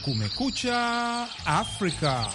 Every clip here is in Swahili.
Kumekucha Afrika.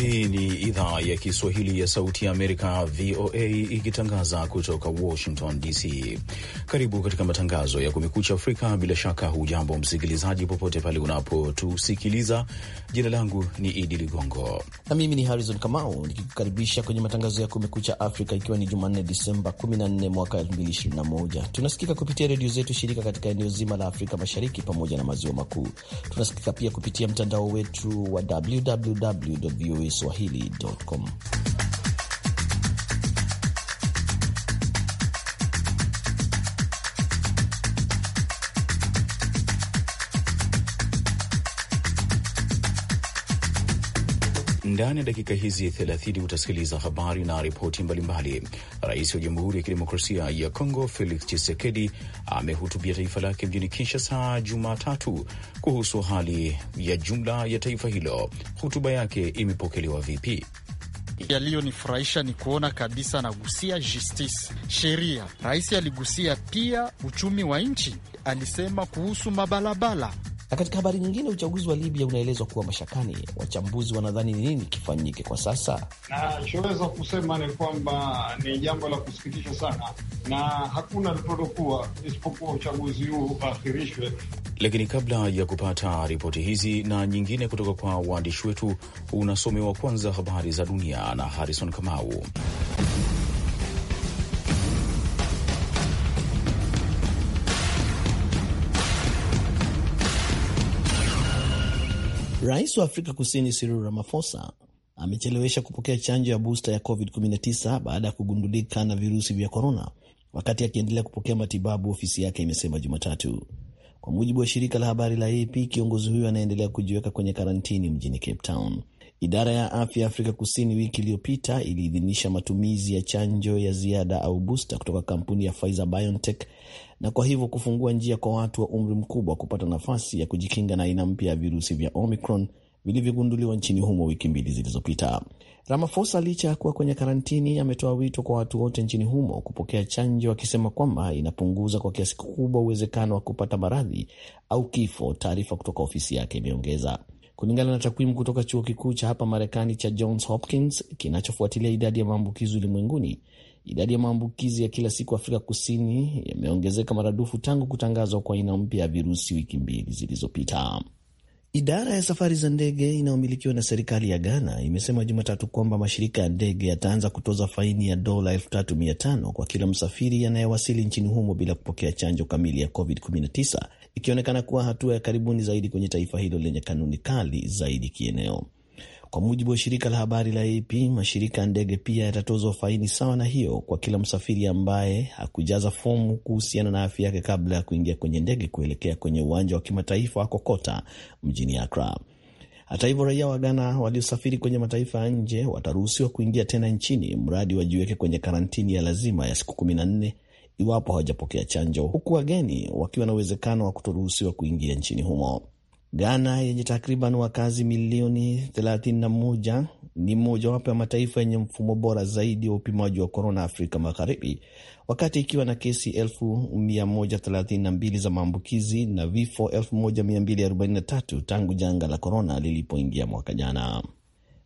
Hii ni idhaa ya Kiswahili ya Sauti ya Amerika, VOA, ikitangaza kutoka Washington DC. Karibu katika matangazo ya Kumekucha Afrika. Bila shaka, hujambo msikilizaji, popote pale unapotusikiliza. Jina langu ni Idi Ligongo na mimi ni Harrison Kamau nikikukaribisha kwenye matangazo ya Kumekucha Afrika, ikiwa ni Jumanne Disemba 14 mwaka 2021. Tunasikika kupitia redio zetu shirika katika eneo zima la Afrika Mashariki pamoja na Maziwa Makuu. Tunasikika pia kupitia mtandao wetu wa www voaswahili.com. Ndani ya dakika hizi 30 utasikiliza habari na ripoti mbalimbali. Rais wa Jamhuri ya Kidemokrasia ya Kongo Felix Tshisekedi amehutubia taifa lake mjini Kinshasa Jumatatu kuhusu hali ya jumla ya taifa hilo. Hotuba yake imepokelewa vipi? Yaliyonifurahisha ni kuona kabisa anagusia justice, sheria. Rais aligusia pia uchumi wa nchi, alisema kuhusu mabalabala na katika habari nyingine, uchaguzi wa Libya unaelezwa kuwa mashakani. Wachambuzi wanadhani ni nini kifanyike kwa sasa? Nachoweza kusema ni kwamba ni jambo la kusikitisha sana, na hakuna kuwa isipokuwa uchaguzi huu aakhirishwe Lakini kabla ya kupata ripoti hizi na nyingine kutoka kwa waandishi wetu, unasomewa kwanza habari za dunia na Harrison Kamau. Rais wa Afrika Kusini Cyril Ramaphosa amechelewesha kupokea chanjo ya busta ya COVID-19 baada ya kugundulika na virusi vya korona wakati akiendelea kupokea matibabu, ofisi yake imesema Jumatatu. Kwa mujibu wa shirika la habari la AP, kiongozi huyo anaendelea kujiweka kwenye karantini mjini Cape Town. Idara ya afya ya Afrika Kusini wiki iliyopita iliidhinisha matumizi ya chanjo ya ziada au busta kutoka kampuni ya Pfizer BioNTech na kwa hivyo kufungua njia kwa watu wa umri mkubwa kupata nafasi ya kujikinga na aina mpya ya virusi vya Omicron vilivyogunduliwa nchini humo wiki mbili zilizopita. ramafosa licha ya kuwa kwenye karantini, ametoa wito kwa watu wote nchini humo kupokea chanjo, akisema kwamba inapunguza kwa kiasi kikubwa uwezekano wa kupata maradhi au kifo, taarifa kutoka ofisi yake imeongeza. Kulingana na takwimu kutoka chuo kikuu cha hapa Marekani cha Johns Hopkins kinachofuatilia idadi ya maambukizi ulimwenguni, Idadi ya maambukizi ya kila siku Afrika Kusini yameongezeka maradufu tangu kutangazwa kwa aina mpya ya virusi wiki mbili zilizopita. Idara ya safari za ndege inayomilikiwa na serikali ya Ghana imesema Jumatatu kwamba mashirika ya ndege yataanza kutoza faini ya dola 3500 kwa kila msafiri anayewasili nchini humo bila kupokea chanjo kamili ya COVID-19, ikionekana kuwa hatua ya karibuni zaidi kwenye taifa hilo lenye kanuni kali zaidi kieneo. Kwa mujibu wa shirika la habari la AP, mashirika ya ndege pia yatatozwa faini sawa na hiyo kwa kila msafiri ambaye hakujaza fomu kuhusiana na afya yake kabla ya kuingia kwenye ndege kuelekea kwenye uwanja wa kimataifa wa Kokota mjini Akra. Hata hivyo, raia wa Ghana waliosafiri kwenye mataifa ya nje wataruhusiwa kuingia tena nchini mradi wajiweke kwenye karantini ya lazima ya siku kumi na nne iwapo hawajapokea chanjo, huku wageni wakiwa na uwezekano wa kutoruhusiwa kuingia nchini humo. Ghana yenye takriban wakazi milioni 31 ni mojawapo ya mataifa yenye mfumo bora zaidi wa upimaji wa korona Afrika Magharibi, wakati ikiwa na kesi 132 za maambukizi na vifo 1243 tangu janga la korona lilipoingia mwaka jana.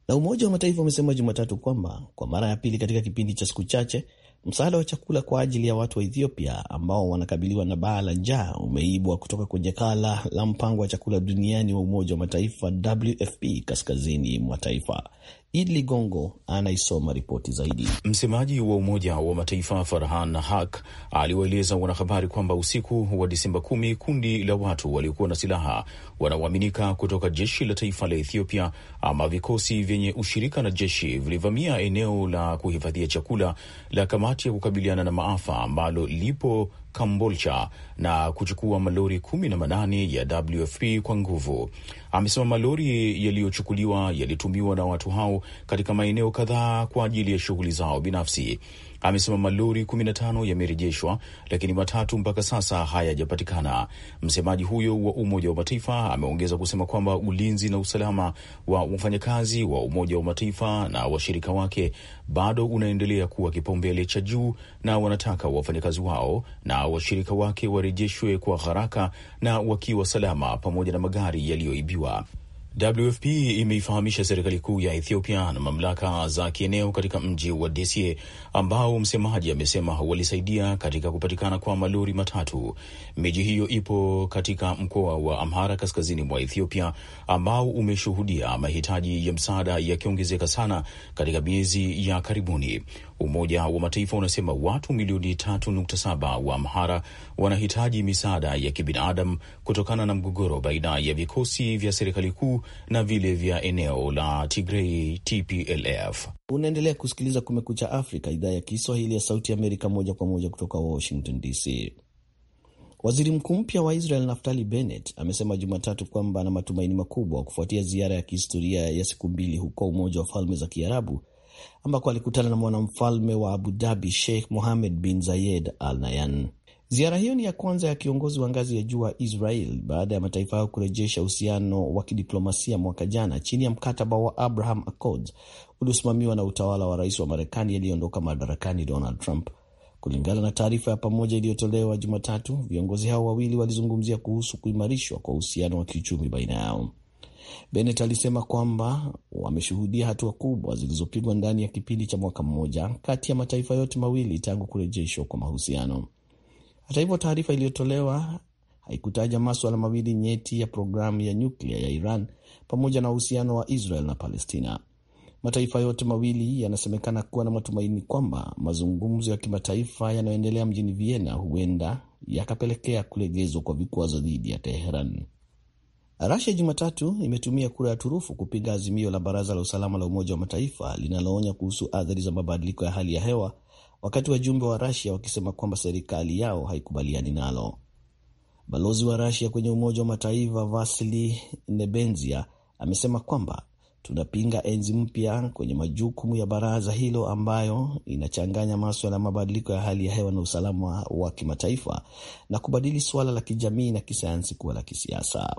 Na Umoja wa Mataifa umesema Jumatatu kwamba kwa mara ya pili katika kipindi cha siku chache Msaada wa chakula kwa ajili ya watu wa Ethiopia ambao wanakabiliwa na baa la njaa umeibwa kutoka kwenye kala la mpango wa chakula duniani wa Umoja wa Mataifa WFP kaskazini mwa taifa. Id Ligongo anaisoma ripoti zaidi. Msemaji wa Umoja wa Mataifa Farhan Haq aliwaeleza wanahabari kwamba usiku wa Disemba kumi kundi la watu waliokuwa na silaha wanaoaminika kutoka jeshi la taifa la Ethiopia ama vikosi vyenye ushirika na jeshi vilivamia eneo la kuhifadhia chakula la kamati ya kukabiliana na maafa ambalo lipo Kambolcha na kuchukua malori kumi na manane ya WFP kwa nguvu. Amesema malori yaliyochukuliwa yalitumiwa na watu hao katika maeneo kadhaa kwa ajili ya shughuli zao binafsi amesema malori 15 yamerejeshwa, lakini matatu mpaka sasa hayajapatikana. Msemaji huyo wa Umoja wa Mataifa ameongeza kusema kwamba ulinzi na usalama wa wafanyakazi wa Umoja wa Mataifa na washirika wake bado unaendelea kuwa kipaumbele cha juu, na wanataka wafanyakazi wao na washirika wake warejeshwe kwa haraka na wakiwa salama, pamoja na magari yaliyoibiwa. WFP imeifahamisha serikali kuu ya Ethiopia na mamlaka za kieneo katika mji wa Desie ambao msemaji amesema walisaidia katika kupatikana kwa malori matatu. Miji hiyo ipo katika mkoa wa Amhara kaskazini mwa Ethiopia ambao umeshuhudia mahitaji ya msaada yakiongezeka sana katika miezi ya karibuni. Umoja wa Mataifa unasema watu milioni 3.7 wa Amhara wanahitaji misaada ya kibinadamu kutokana na mgogoro baina ya vikosi vya serikali kuu na vile vya eneo la tigrei TPLF. Unaendelea kusikiliza Kumekucha Afrika, idhaa ya Kiswahili ya Sauti ya Amerika, moja kwa moja kutoka Washington DC. Waziri mkuu mpya wa Israel Naftali Bennett amesema Jumatatu kwamba ana matumaini makubwa kufuatia ziara ya kihistoria ya siku mbili huko Umoja wa Falme za Kiarabu ambako alikutana na mwanamfalme wa Abu Dhabi Sheikh Mohammed bin Zayed Al Nayan. Ziara hiyo ni ya kwanza ya kiongozi wa ngazi ya juu wa Israel baada ya mataifa hayo kurejesha uhusiano wa kidiplomasia mwaka jana chini ya mkataba wa Abraham Accords uliosimamiwa na utawala wa rais wa Marekani aliyeondoka madarakani Donald Trump. Kulingana na taarifa ya pamoja iliyotolewa Jumatatu, viongozi hao wawili walizungumzia kuhusu kuimarishwa kwa uhusiano wa kiuchumi baina yao. Bennett alisema kwamba wameshuhudia hatua kubwa zilizopigwa ndani ya kipindi cha mwaka mmoja kati ya mataifa yote mawili tangu kurejeshwa kwa mahusiano. Hata hivyo, taarifa iliyotolewa haikutaja maswala mawili nyeti ya programu ya nyuklia ya Iran pamoja na uhusiano wa Israel na Palestina. Mataifa yote mawili yanasemekana kuwa na matumaini kwamba mazungumzo ya kimataifa yanayoendelea mjini Vienna huenda yakapelekea kulegezwa kwa vikwazo dhidi ya Teheran. Rasia Jumatatu imetumia kura ya turufu kupinga azimio la Baraza la Usalama la Umoja wa Mataifa linaloonya kuhusu athari za mabadiliko ya hali ya hewa wakati wajumbe wa rasia wakisema kwamba serikali yao haikubaliani nalo. Balozi wa rasia kwenye Umoja wa Mataifa Vasili Nebenzia amesema kwamba tunapinga enzi mpya kwenye majukumu ya baraza hilo ambayo inachanganya maswala ya mabadiliko ya hali ya hewa na usalama wa kimataifa na kubadili suala la kijamii na kisayansi kuwa la kisiasa.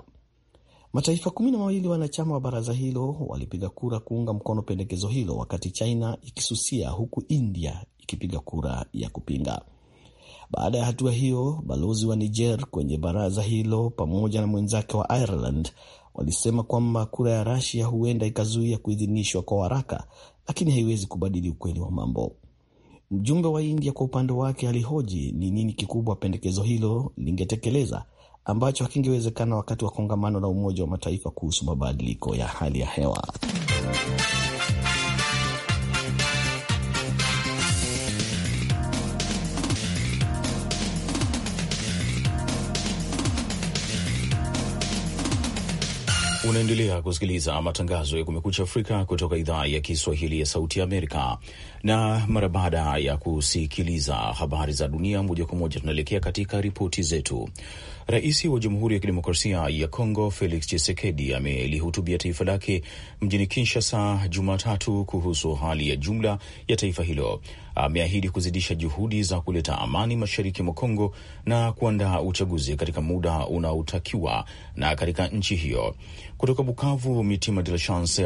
Mataifa kumi na mawili wanachama wa baraza hilo walipiga kura kuunga mkono pendekezo hilo, wakati China ikisusia, huku India ikipiga kura ya kupinga. Baada ya hatua hiyo, balozi wa Niger kwenye baraza hilo pamoja na mwenzake wa Ireland walisema kwamba kura ya rasia huenda ikazuia kuidhinishwa kwa haraka, lakini haiwezi kubadili ukweli wa mambo. Mjumbe wa India kwa upande wake alihoji ni nini kikubwa pendekezo hilo lingetekeleza ambacho hakingewezekana wakati wa kongamano la Umoja wa Mataifa kuhusu mabadiliko ya hali ya hewa. Unaendelea kusikiliza matangazo ya Kumekucha Afrika kutoka idhaa ya Kiswahili ya Sauti Amerika. Na mara baada ya kusikiliza habari za dunia moja kwa moja, tunaelekea katika ripoti zetu. Rais wa Jamhuri ya Kidemokrasia ya Kongo Felix Tshisekedi amelihutubia taifa lake mjini Kinshasa Jumatatu kuhusu hali ya jumla ya taifa hilo. Ameahidi kuzidisha juhudi za kuleta amani mashariki mwa Kongo na kuandaa uchaguzi katika muda unaotakiwa na katika nchi hiyo. Kutoka Bukavu, Mitima de la Chance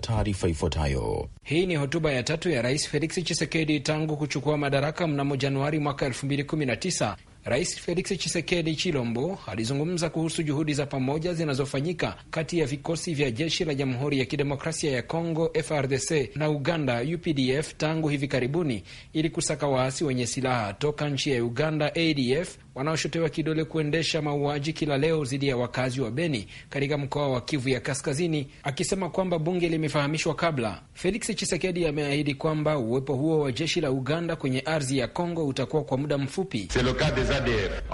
taarifa ifuatayo. Hii ni hotuba ya tatu ya Rais Felix Chisekedi tangu kuchukua madaraka mnamo Januari mwaka 2019. Rais Felix chisekedi Chilombo alizungumza kuhusu juhudi za pamoja zinazofanyika kati ya vikosi vya jeshi la Jamhuri ya Kidemokrasia ya Kongo FRDC na Uganda UPDF tangu hivi karibuni ili kusaka waasi wenye silaha toka nchi ya Uganda ADF wanaoshotewa kidole kuendesha mauaji kila leo dhidi ya wakazi wa Beni katika mkoa wa Kivu ya Kaskazini, akisema kwamba bunge limefahamishwa kabla. Felix Chisekedi ameahidi kwamba uwepo huo wa jeshi la Uganda kwenye ardhi ya Kongo utakuwa kwa muda mfupi.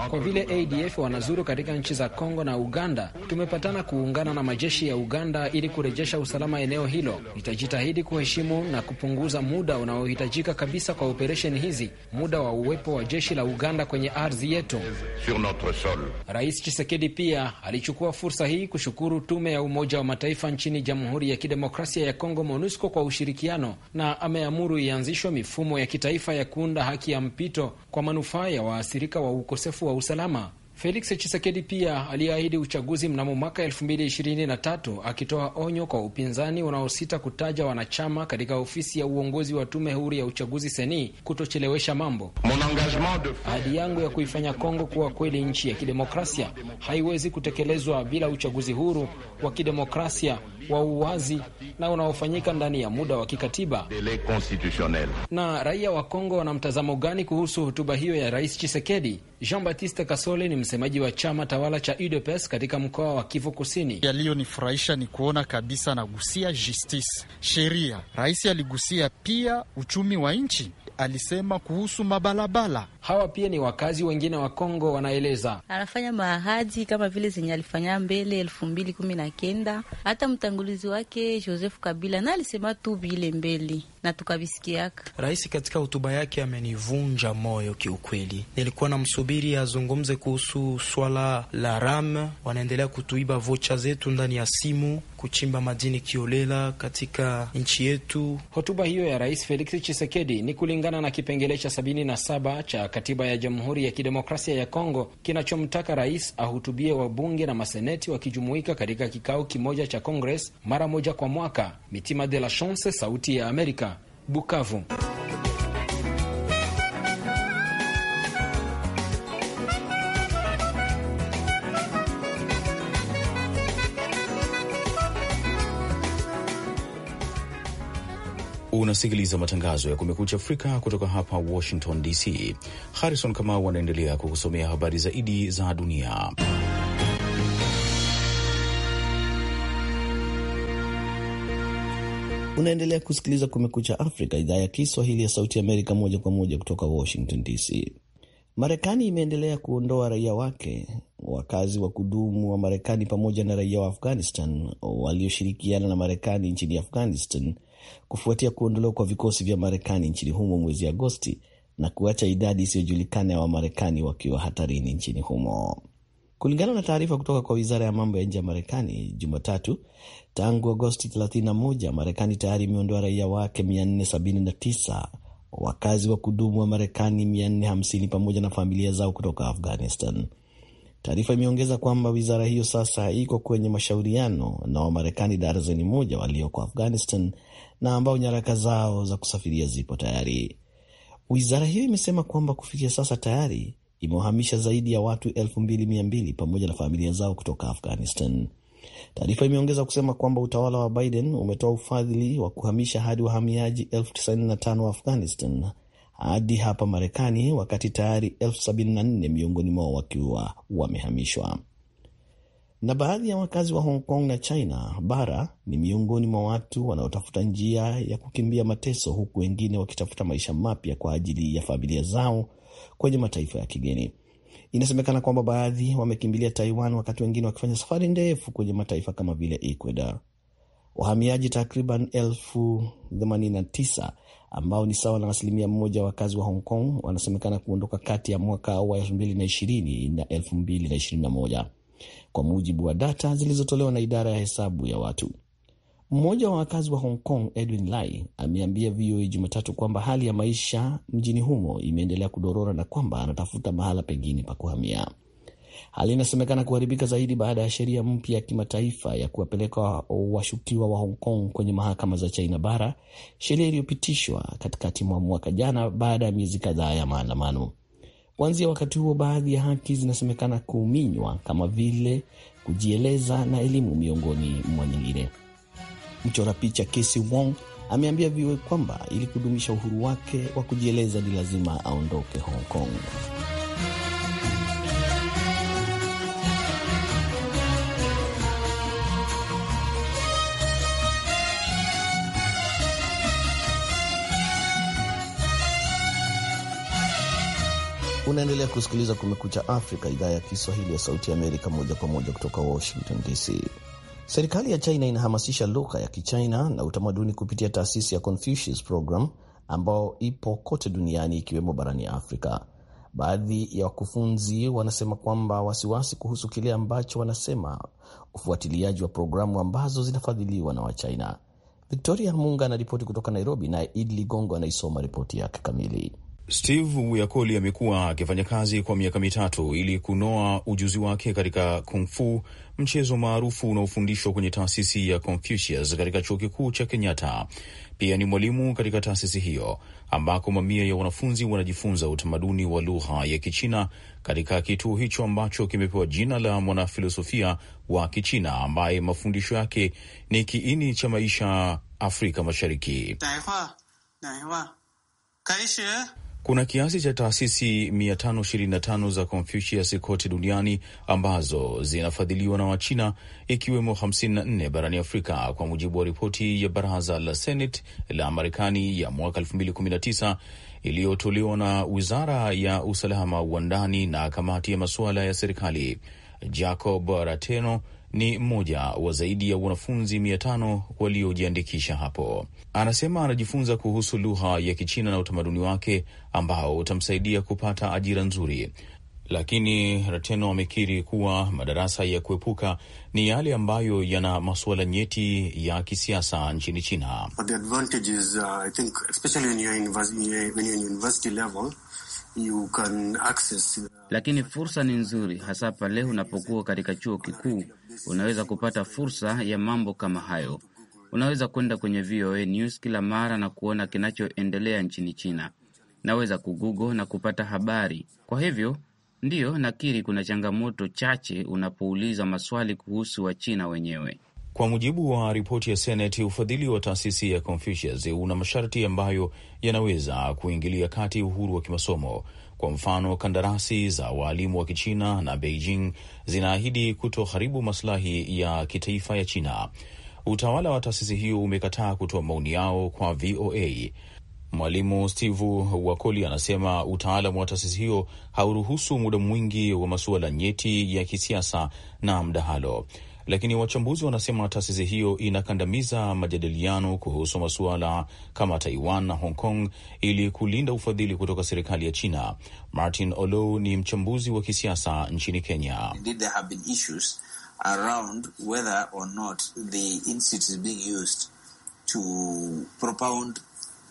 Kwa vile ADF wanazuru katika nchi za Kongo na Uganda, tumepatana kuungana na majeshi ya Uganda ili kurejesha usalama eneo hilo. Nitajitahidi kuheshimu na kupunguza muda unaohitajika kabisa kwa operesheni hizi, muda wa uwepo wa jeshi la Uganda kwenye ardhi yetu mzito. Rais chisekedi pia alichukua fursa hii kushukuru tume ya Umoja wa Mataifa nchini Jamhuri ya Kidemokrasia ya Kongo, MONUSCO, kwa ushirikiano na ameamuru ianzishwe mifumo ya kitaifa ya kuunda haki ya mpito kwa manufaa ya waathirika wa ukosefu wa usalama. Felix chisekedi pia aliyeahidi uchaguzi mnamo mwaka 2023 akitoa onyo kwa upinzani unaosita kutaja wanachama katika ofisi ya uongozi wa tume huru ya uchaguzi seni kutochelewesha mambo. Ahadi yangu ya kuifanya Kongo kuwa kweli nchi ya kidemokrasia haiwezi kutekelezwa bila uchaguzi huru wa kidemokrasia wa uwazi na unaofanyika ndani ya muda wa kikatiba. Na raia wa Kongo wana mtazamo gani kuhusu hotuba hiyo ya Rais Chisekedi? Jean Baptiste Kasole ni msemaji wa chama tawala cha UDPS katika mkoa wa Kivu Kusini. Yaliyonifurahisha ni kuona kabisa anagusia justice, sheria. Rais aligusia pia uchumi wa nchi alisema kuhusu mabalabala. Hawa pia ni wakazi wengine wa Kongo, wanaeleza anafanya maahadi kama vile zenye alifanya mbele elfu mbili kumi na kenda hata mtangulizi wake Joseph Kabila na alisema tu vile mbele na tukavisikiaka. Rais katika hotuba yake amenivunja moyo kiukweli. Nilikuwa namsubiri azungumze kuhusu swala la RAM, wanaendelea kutuiba vocha zetu ndani ya simu, kuchimba madini kiolela katika nchi yetu. Hotuba hiyo ya Rais Felix Tshisekedi ni kulingana na kipengele cha 77 cha katiba ya Jamhuri ya Kidemokrasia ya Kongo kinachomtaka rais ahutubie wabunge na maseneti wakijumuika katika kikao kimoja cha Kongres mara moja kwa mwaka. Mitima de la Chance, Sauti ya Amerika, Bukavu. Unasikiliza matangazo ya Kumekucha Afrika kutoka hapa Washington DC. Harrison Kamau anaendelea kukusomea habari zaidi za dunia. Unaendelea kusikiliza Kumekucha Afrika, idhaa ya Kiswahili ya Sauti Amerika, moja kwa moja kutoka Washington DC. Marekani imeendelea kuondoa raia wake, wakazi wa kudumu wa Marekani pamoja na raia wa Afghanistan walioshirikiana na Marekani nchini Afghanistan kufuatia kuondolewa kwa vikosi vya Marekani nchini humo mwezi Agosti na kuacha idadi isiyojulikana ya Wamarekani wakiwa hatarini nchini humo kulingana na taarifa kutoka kwa wizara ya mambo ya nje ya Marekani Jumatatu. Tangu Agosti 31 Marekani tayari imeondoa raia wake 479 wakazi wa kudumu wa Marekani 450 pamoja na familia zao kutoka Afghanistan. Taarifa imeongeza kwamba wizara hiyo sasa iko kwenye mashauriano na Wamarekani darzeni moja walioko Afghanistan na ambao nyaraka zao za kusafiria zipo tayari. Wizara hiyo imesema kwamba kufikia sasa tayari imewahamisha zaidi ya watu 2200 pamoja na familia zao kutoka Afghanistan. Taarifa imeongeza kusema kwamba utawala wa Biden umetoa ufadhili wa kuhamisha hadi wahamiaji 95 wa Afghanistan hadi hapa Marekani, wakati tayari 74 miongoni mwao wakiwa wamehamishwa na baadhi ya wakazi wa Hong Kong na China bara ni miongoni mwa watu wanaotafuta njia ya kukimbia mateso, huku wengine wakitafuta maisha mapya kwa ajili ya familia zao kwenye mataifa ya kigeni. Inasemekana kwamba baadhi wamekimbilia Taiwan, wakati wengine wakifanya safari ndefu kwenye mataifa kama vile Ecuador. Wahamiaji takriban elfu ambao ni sawa na asilimia moja wa wakazi wa Hong Kong wanasemekana kuondoka kati ya mwaka wa 2020 na 2021 kwa mujibu wa data zilizotolewa na idara ya hesabu ya watu. Mmoja wa wakazi wa Hong Kong, Edwin Lai, ameambia VOA Jumatatu kwamba hali ya maisha mjini humo imeendelea kudorora na kwamba anatafuta mahala pengine pa kuhamia. Hali inasemekana kuharibika zaidi baada ya sheria mpya ya kimataifa ya kuwapeleka washukiwa wa Hong Kong kwenye mahakama za China bara, sheria iliyopitishwa katikati mwa mwaka jana baada ya miezi kadhaa ya maandamano. Kuanzia wakati huo, baadhi ya haki zinasemekana kuminywa kama vile kujieleza na elimu, miongoni mwa nyingine. Mchora picha Kesi Wong ameambia viwe kwamba ili kudumisha uhuru wake wa kujieleza ni lazima aondoke Hong Kong. Unaendelea kusikiliza Kumekucha Afrika, idhaa ya Kiswahili ya Sauti ya Amerika, moja kwa moja kutoka Washington DC. Serikali ya China inahamasisha lugha ya Kichina na utamaduni kupitia taasisi ya Confucius Program ambao ipo kote duniani ikiwemo barani Afrika. Baadhi ya wakufunzi wanasema kwamba wasiwasi kuhusu kile ambacho wanasema ufuatiliaji wa programu ambazo zinafadhiliwa na Wachina. Victoria Munga anaripoti kutoka Nairobi, naye idli gongo anaisoma ripoti yake kamili. Steve Wuyakoli amekuwa akifanya kazi kwa miaka mitatu ili kunoa ujuzi wake katika kung fu, mchezo maarufu unaofundishwa kwenye taasisi ya Confucius katika chuo kikuu cha Kenyatta. Pia ni mwalimu katika taasisi hiyo ambako mamia ya wanafunzi wanajifunza utamaduni wa lugha ya Kichina katika kituo hicho ambacho kimepewa jina la mwanafilosofia wa Kichina ambaye mafundisho yake ni kiini cha maisha Afrika Mashariki. Daiwa, daiwa. Kuna kiasi cha taasisi 525 za Confucius kote duniani ambazo zinafadhiliwa na Wachina, ikiwemo 54 barani Afrika, kwa mujibu wa ripoti ya baraza la Senate la Marekani ya mwaka 2019 iliyotolewa na wizara ya usalama wa ndani na kamati ya masuala ya serikali. Jacob Rateno ni mmoja wa zaidi ya wanafunzi mia tano waliojiandikisha hapo. Anasema anajifunza kuhusu lugha ya Kichina na utamaduni wake ambao utamsaidia kupata ajira nzuri. Lakini Rateno amekiri kuwa madarasa ya kuepuka ni yale ambayo yana masuala nyeti ya kisiasa nchini China you can access... Lakini fursa ni nzuri, hasa pale unapokuwa katika chuo kikuu, unaweza kupata fursa ya mambo kama hayo. Unaweza kwenda kwenye VOA News kila mara na kuona kinachoendelea nchini China. Naweza kugoogle na kupata habari. Kwa hivyo ndiyo, nakiri kuna changamoto chache unapouliza maswali kuhusu Wachina wenyewe. Kwa mujibu wa ripoti ya Seneti, ufadhili wa taasisi ya Confucius una masharti ambayo yanaweza kuingilia kati uhuru wa kimasomo. Kwa mfano, kandarasi za waalimu wa Kichina na Beijing zinaahidi kutoharibu masilahi ya kitaifa ya China. Utawala wa taasisi hiyo umekataa kutoa maoni yao kwa VOA. Mwalimu Steve Wakoli anasema utaalamu wa taasisi hiyo hauruhusu muda mwingi wa masuala nyeti ya kisiasa na mdahalo lakini wachambuzi wanasema taasisi hiyo inakandamiza majadiliano kuhusu masuala kama Taiwan na Hong Kong ili kulinda ufadhili kutoka serikali ya China. Martin olow ni mchambuzi wa kisiasa nchini Kenya. Indeed,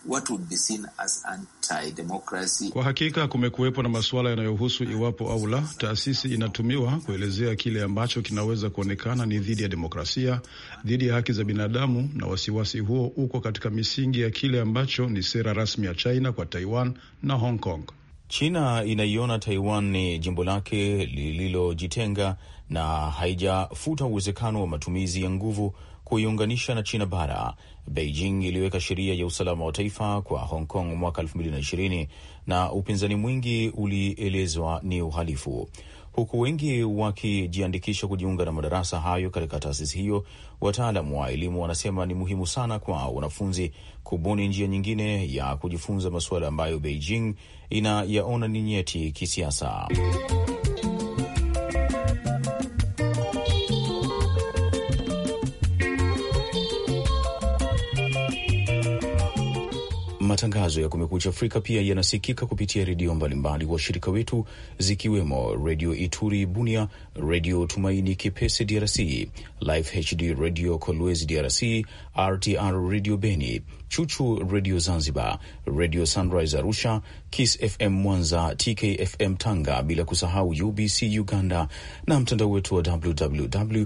what would be seen as anti-democracy. Kwa hakika kumekuwepo na masuala yanayohusu iwapo au la taasisi inatumiwa kuelezea kile ambacho kinaweza kuonekana ni dhidi ya demokrasia, dhidi ya haki za binadamu, na wasiwasi huo uko katika misingi ya kile ambacho ni sera rasmi ya China kwa Taiwan na Hong Kong. China inaiona Taiwan ni jimbo lake lililojitenga na haijafuta uwezekano wa matumizi ya nguvu kuiunganisha na China bara. Beijing iliweka sheria ya usalama wa taifa kwa Hong Kong mwaka 2020 na upinzani mwingi ulielezwa ni uhalifu, huku wengi wakijiandikisha kujiunga na madarasa hayo katika taasisi hiyo. Wataalamu wa elimu wanasema ni muhimu sana kwa wanafunzi kubuni njia nyingine ya kujifunza masuala ambayo Beijing inayaona ni nyeti kisiasa. Matangazo ya Kumekucha Afrika pia yanasikika kupitia redio mbalimbali washirika wetu zikiwemo Redio Ituri Bunia, Redio Tumaini Kipese DRC, Life HD Radio Kolwezi DRC, RTR Redio Beni, Chuchu Redio Zanzibar, Redio Sunrise Arusha, Kiss FM Mwanza, TKFM Tanga, bila kusahau UBC Uganda na mtandao wetu wa www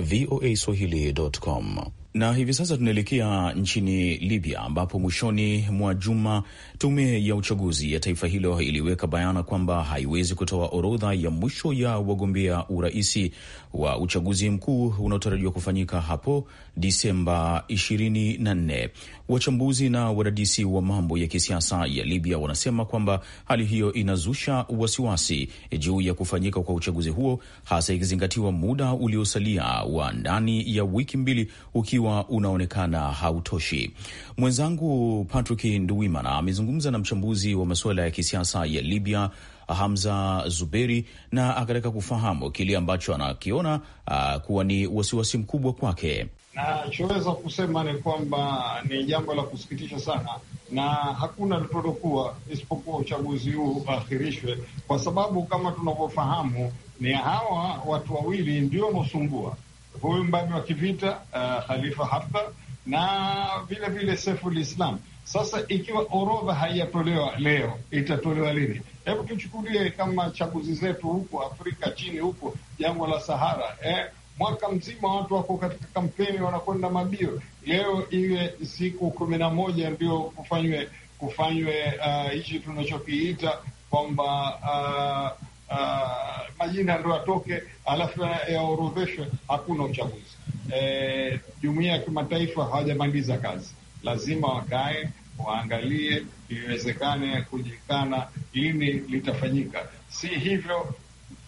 voa swahili.com. Na hivi sasa tunaelekea nchini Libya ambapo mwishoni mwa juma tume ya uchaguzi ya taifa hilo iliweka bayana kwamba haiwezi kutoa orodha ya mwisho ya wagombea uraisi wa uchaguzi mkuu unaotarajiwa kufanyika hapo Disemba 24. Wachambuzi na wadadisi wa mambo ya kisiasa ya Libya wanasema kwamba hali hiyo inazusha wasiwasi juu ya kufanyika kwa uchaguzi huo, hasa ikizingatiwa muda uliosalia wa ndani ya wiki mbili ukiwa ukiwa unaonekana hautoshi. Mwenzangu Patrick Nduwimana amezungumza na mchambuzi wa masuala ya kisiasa ya Libya Hamza Zuberi na akataka kufahamu kile ambacho anakiona uh, kuwa ni wasiwasi mkubwa kwake. Nachoweza kusema ni kwamba ni jambo la kusikitisha sana, na hakuna litoto kuwa isipokuwa uchaguzi huu aakhirishwe kwa sababu kama tunavyofahamu ni hawa watu wawili ndio wanaosumbua huyu mbabe wa kivita uh, Khalifa Haftar na vile vile Saiful Islam. Sasa ikiwa orodha haijatolewa leo, itatolewa lini? Hebu tuchukulie kama chaguzi zetu huko Afrika chini huko jangwa la Sahara eh, mwaka mzima watu wako katika kampeni, wanakwenda mabio. Leo iwe siku kumi na moja ndio kufanywe kufanywe eh, hichi uh, tunachokiita kwamba uh, uh, majina ndo yatoke alafu yaorodheshwe. Eh, hakuna uchaguzi. E, ya kimataifa hawajamaliza kazi, lazima wakae waangalie, iwezekane kujikana lini litafanyika. Si hivyo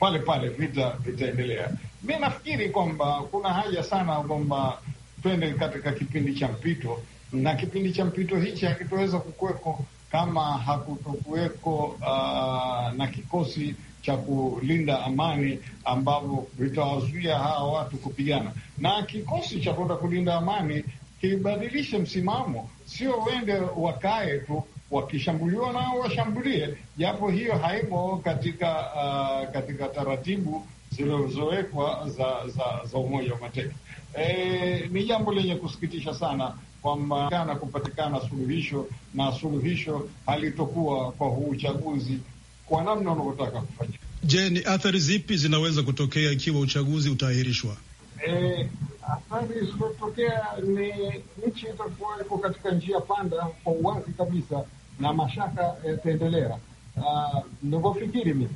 pale pale vita vitaendelea. Mi nafikiri kwamba kuna haja sana kwamba twende katika kipindi cha mpito, na kipindi cha mpito hichi hakitoweza kukuweko kama hakutokuweko uh, kikosi cha kulinda amani ambavyo vitawazuia hawa watu kupigana, na kikosi cha kwenda kulinda amani kibadilishe msimamo, sio wende wakae tu wakishambuliwa nao washambulie, japo hiyo haimo katika uh, katika taratibu zilizowekwa za, za, za Umoja wa Mataifa. E, ni jambo lenye kusikitisha sana kwamba kana kupatikana suluhisho na suluhisho halitokuwa kwa huu uchaguzi kwa namna unavyotaka kufanya. Je, ni athari zipi zinaweza kutokea ikiwa uchaguzi utaahirishwa? E, athari zinazotokea ni nchi itakuwa iko katika njia panda kwa uwazi kabisa, na mashaka yataendelea. Uh, ah, mii mimi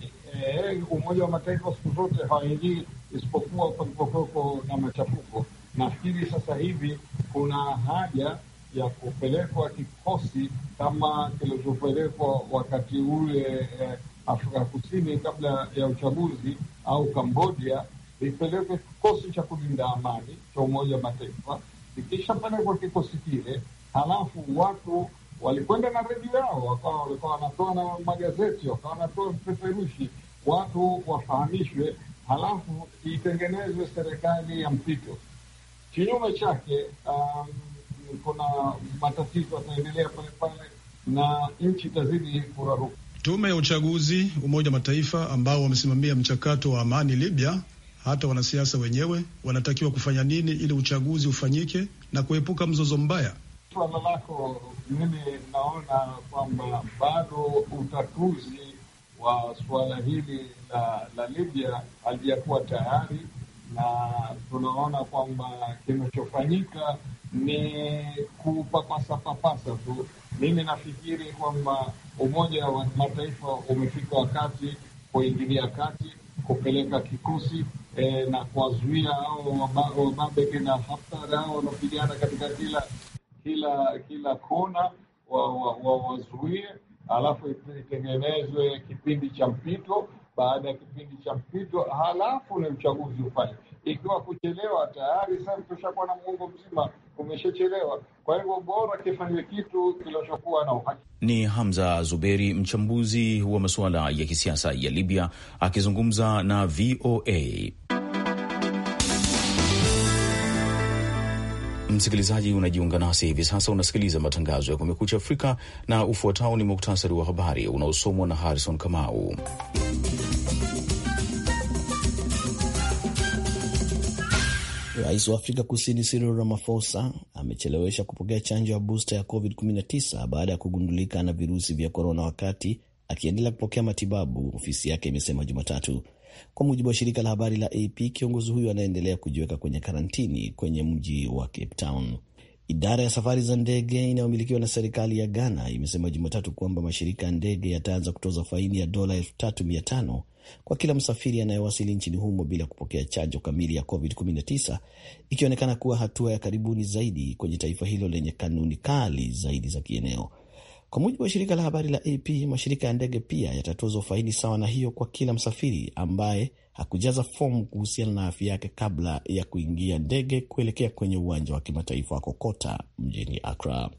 e, Umoja wa Mataifa siku zote hawaingii isipokuwa palipokuweko na machafuko. Nafikiri sasa hivi kuna haja ya kupelekwa kikosi kama kilichopelekwa wakati ule eh, Afrika Kusini kabla ya uchaguzi au Kambodia, ipelekwe kikosi cha kulinda amani cha Umoja wa Mataifa. Ikishapelekwa kikosi kile, halafu watu walikwenda na redio yao, wakawa walikuwa wanatoa na magazeti, wakawa wanatoa vipeperushi, watu wafahamishwe, halafu itengenezwe serikali ya mpito. Kinyume chake um, kuna matatizo yataendelea pale pale na nchi itazidi kuraruka. Tume ya uchaguzi Umoja Mataifa ambao wamesimamia mchakato wa amani Libya, hata wanasiasa wenyewe wanatakiwa kufanya nini ili uchaguzi ufanyike na kuepuka mzozo mbaya? Swala lako, mimi naona kwamba bado utatuzi wa suala hili la, la Libya halijakuwa tayari na tunaona kwamba kinachofanyika ni kupapasapapasa tu. Mimi nafikiri kwamba Umoja wa Mataifa umefika wakati kuingilia kati, kupeleka kikosi e, na kuwazuia au Wababeke na Haftar au wanaopigana katika kila kila kila kona, wawazuie wa, wa, alafu itengenezwe kipindi cha mpito baada ya kipindi cha mpito, halafu ni uchaguzi ufanye. Ikiwa kuchelewa, tayari sasa tushakuwa na muongo mzima umeshachelewa. Kwa hivyo bora kifanywe kitu kilichokuwa na uhakika. Ni Hamza Zuberi, mchambuzi wa masuala ya kisiasa ya Libya, akizungumza na VOA. Msikilizaji unajiunga nasi hivi sasa, unasikiliza matangazo ya Kumekucha Afrika na ufuatao ni muktasari wa habari unaosomwa na Harrison Kamau. Rais wa Afrika Kusini Cyril Ramaphosa amechelewesha kupokea chanjo ya busta ya COVID-19 baada ya kugundulika na virusi vya korona wakati akiendelea kupokea matibabu, ofisi yake imesema Jumatatu. Kwa mujibu wa shirika la habari la AP, kiongozi huyo anaendelea kujiweka kwenye karantini kwenye mji wa Cape Town. Idara ya safari za ndege inayomilikiwa na serikali ya Ghana imesema Jumatatu kwamba mashirika ya ndege yataanza kutoza faini ya dola elfu kwa kila msafiri anayewasili nchini humo bila kupokea chanjo kamili ya COVID-19, ikionekana kuwa hatua ya karibuni zaidi kwenye taifa hilo lenye kanuni kali zaidi za kieneo. Kwa mujibu wa shirika la habari la AP, mashirika ya ndege pia yatatozwa faini sawa na hiyo kwa kila msafiri ambaye hakujaza fomu kuhusiana na afya yake kabla ya kuingia ndege kuelekea kwenye uwanja wa kimataifa wa Kokota mjini Accra.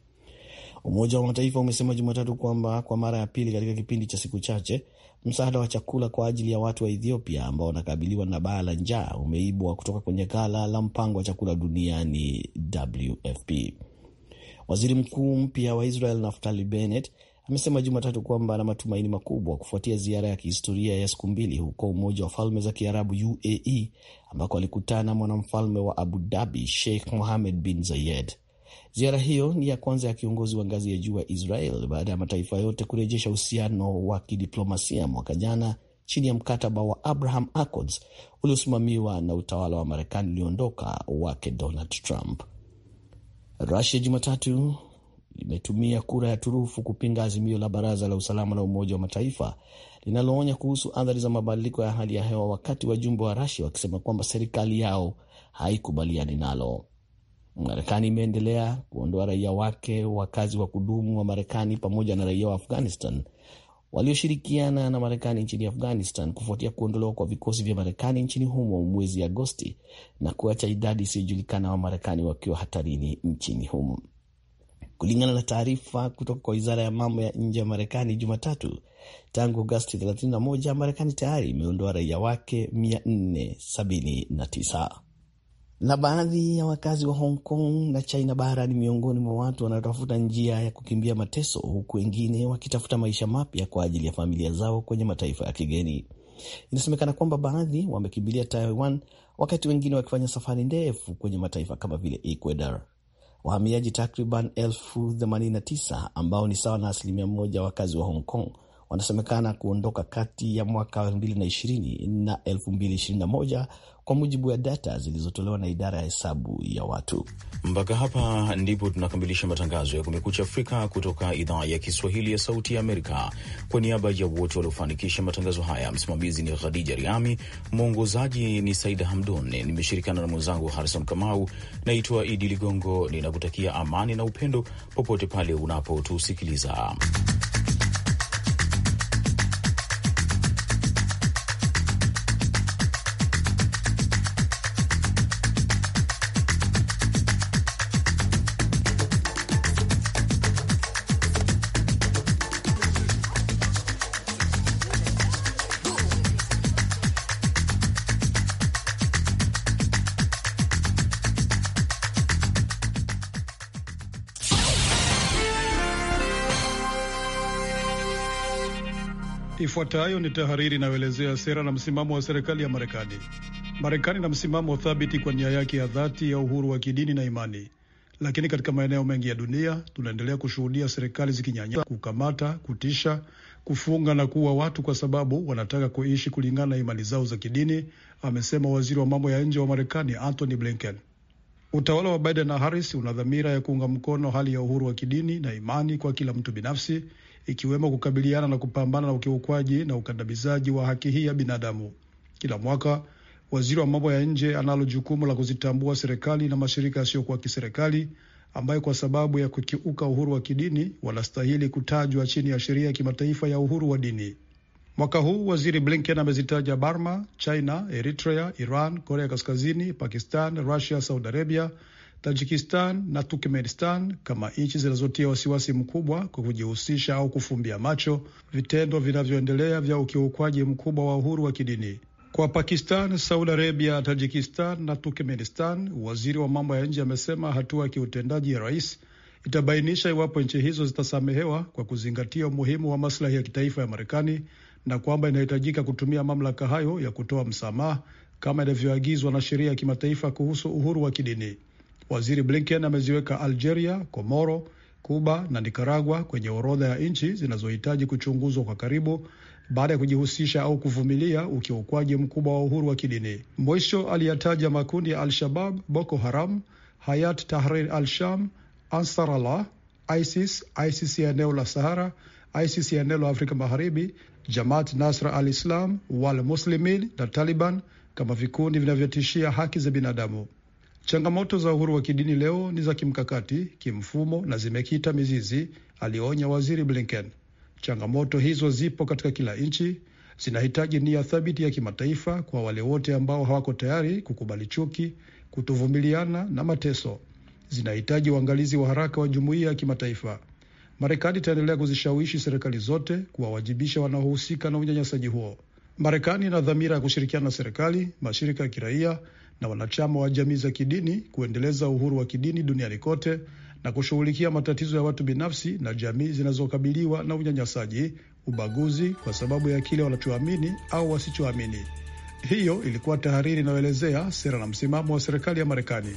Umoja wa Mataifa umesema Jumatatu kwamba kwa mara ya pili katika kipindi cha siku chache msaada wa chakula kwa ajili ya watu wa Ethiopia ambao wanakabiliwa na baa la njaa umeibwa kutoka kwenye ghala la mpango wa chakula duniani WFP. Waziri mkuu mpya wa Israel Naftali Bennett amesema Jumatatu kwamba ana matumaini makubwa kufuatia ziara ya kihistoria ya siku mbili huko Umoja wa Falme za Kiarabu UAE, ambako alikutana mwanamfalme wa Abu Dhabi Sheikh Mohammed bin Zayed. Ziara hiyo ni ya kwanza ya kiongozi wa ngazi ya juu wa Israel baada ya mataifa yote kurejesha uhusiano wa kidiplomasia mwaka jana chini ya mkataba wa Abraham Accords uliosimamiwa na utawala wa Marekani ulioondoka wake Donald Trump. Rusia Jumatatu imetumia kura ya turufu kupinga azimio la Baraza la Usalama la Umoja wa Mataifa linaloonya kuhusu athari za mabadiliko ya hali ya hewa, wakati wajumbe wa Rusia wakisema kwamba serikali yao haikubaliani nalo. Marekani imeendelea kuondoa raia wake, wakazi wa kudumu wa Marekani pamoja na raia wa Afghanistan walioshirikiana na Marekani nchini Afghanistan kufuatia kuondolewa kwa vikosi vya Marekani nchini humo mwezi Agosti na kuacha idadi isiyojulikana wa Marekani wakiwa hatarini nchini humo. Kulingana na taarifa kutoka kwa wizara ya mambo ya nje ya Marekani Jumatatu, tangu Agosti 31 Marekani tayari imeondoa raia wake 479 na baadhi ya wakazi wa Hong Kong na China bara ni miongoni mwa watu wanaotafuta njia ya kukimbia mateso, huku wengine wakitafuta maisha mapya kwa ajili ya familia zao kwenye mataifa ya kigeni. Inasemekana kwamba baadhi wamekimbilia Taiwan, wakati wengine wakifanya safari ndefu kwenye mataifa kama vile Ecuador. Wahamiaji takriban elfu ambao ni sawa na asilimia moja wakazi wa Hong Kong wanasemekana kuondoka kati ya mwaka 2020 na 2021 kwa mujibu wa data zilizotolewa na idara ya hesabu ya watu. Mpaka hapa ndipo tunakamilisha matangazo ya Kumekucha Afrika kutoka idhaa ya Kiswahili ya Sauti ya Amerika. Kwa niaba ya wote waliofanikisha matangazo haya, msimamizi ni Khadija Riami, mwongozaji ni Saida Hamdun, nimeshirikiana na mwenzangu Harison Kamau. Naitwa Idi Ligongo, ninakutakia amani na upendo popote pale unapotusikiliza. Ifuatayo ni tahariri inayoelezea sera na msimamo wa serikali ya Marekani. Marekani na msimamo thabiti kwa nia yake ya dhati ya uhuru wa kidini na imani, lakini katika maeneo mengi ya dunia tunaendelea kushuhudia serikali zikinyanyasa, kukamata, kutisha, kufunga na kuua watu kwa sababu wanataka kuishi kulingana na imani zao za kidini, amesema waziri wa mambo ya nje wa Marekani antony Blinken. Utawala wa Biden na Harris una dhamira ya kuunga mkono hali ya uhuru wa kidini na imani kwa kila mtu binafsi ikiwemo kukabiliana na kupambana na ukiukwaji na ukandamizaji wa haki hii ya binadamu. Kila mwaka waziri wa mambo ya nje analo jukumu la kuzitambua serikali na mashirika yasiyokuwa kiserikali ambayo kwa sababu ya kukiuka uhuru wa kidini wanastahili kutajwa chini ya sheria ya kimataifa ya uhuru wa dini. Mwaka huu waziri Blinken amezitaja Burma, China, Eritrea, Iran, Korea Kaskazini, Pakistan, Rusia, Saudi Arabia, Tajikistan na Turkmenistan kama nchi zinazotia wasiwasi mkubwa kwa kujihusisha au kufumbia macho vitendo vinavyoendelea vya ukiukwaji mkubwa wa uhuru wa kidini. Kwa Pakistan, Saudi Arabia, Tajikistan na Turkmenistan, waziri wa mambo ya nje amesema hatua ya kiutendaji ya rais itabainisha iwapo nchi hizo zitasamehewa kwa kuzingatia umuhimu wa maslahi ya kitaifa ya Marekani na kwamba inahitajika kutumia mamlaka hayo ya kutoa msamaha kama inavyoagizwa na sheria ya kimataifa kuhusu uhuru wa kidini. Waziri Blinken ameziweka Algeria, Komoro, Kuba na Nikaragua kwenye orodha ya nchi zinazohitaji kuchunguzwa kwa karibu baada ya kujihusisha au kuvumilia ukiukwaji mkubwa wa uhuru wa kidini. Mwisho aliyataja makundi ya Al-Shabab, Boko Haram, Hayat Tahrir al-Sham, Ansar Allah, ISIS, ISIS ya eneo la Sahara, ISIS ya eneo la Afrika Magharibi, Jamaat Nasra al-Islam, Wal Muslimin na Taliban kama vikundi vinavyotishia haki za binadamu. Changamoto za uhuru wa kidini leo ni za kimkakati, kimfumo na zimekita mizizi, alionya Waziri Blinken. Changamoto hizo zipo katika kila nchi, zinahitaji nia thabiti ya kimataifa kwa wale wote ambao hawako tayari kukubali chuki, kutovumiliana na mateso. Zinahitaji uangalizi wa haraka wa jumuiya ya kimataifa. Marekani itaendelea kuzishawishi serikali zote kuwawajibisha wanaohusika na unyanyasaji huo. Marekani ina dhamira ya kushirikiana na serikali, mashirika ya kiraia na wanachama wa jamii za kidini kuendeleza uhuru wa kidini duniani kote na kushughulikia matatizo ya watu binafsi na jamii zinazokabiliwa na unyanyasaji, ubaguzi kwa sababu ya kile wanachoamini au wasichoamini. Hiyo ilikuwa tahariri inayoelezea sera na msimamo wa serikali ya Marekani.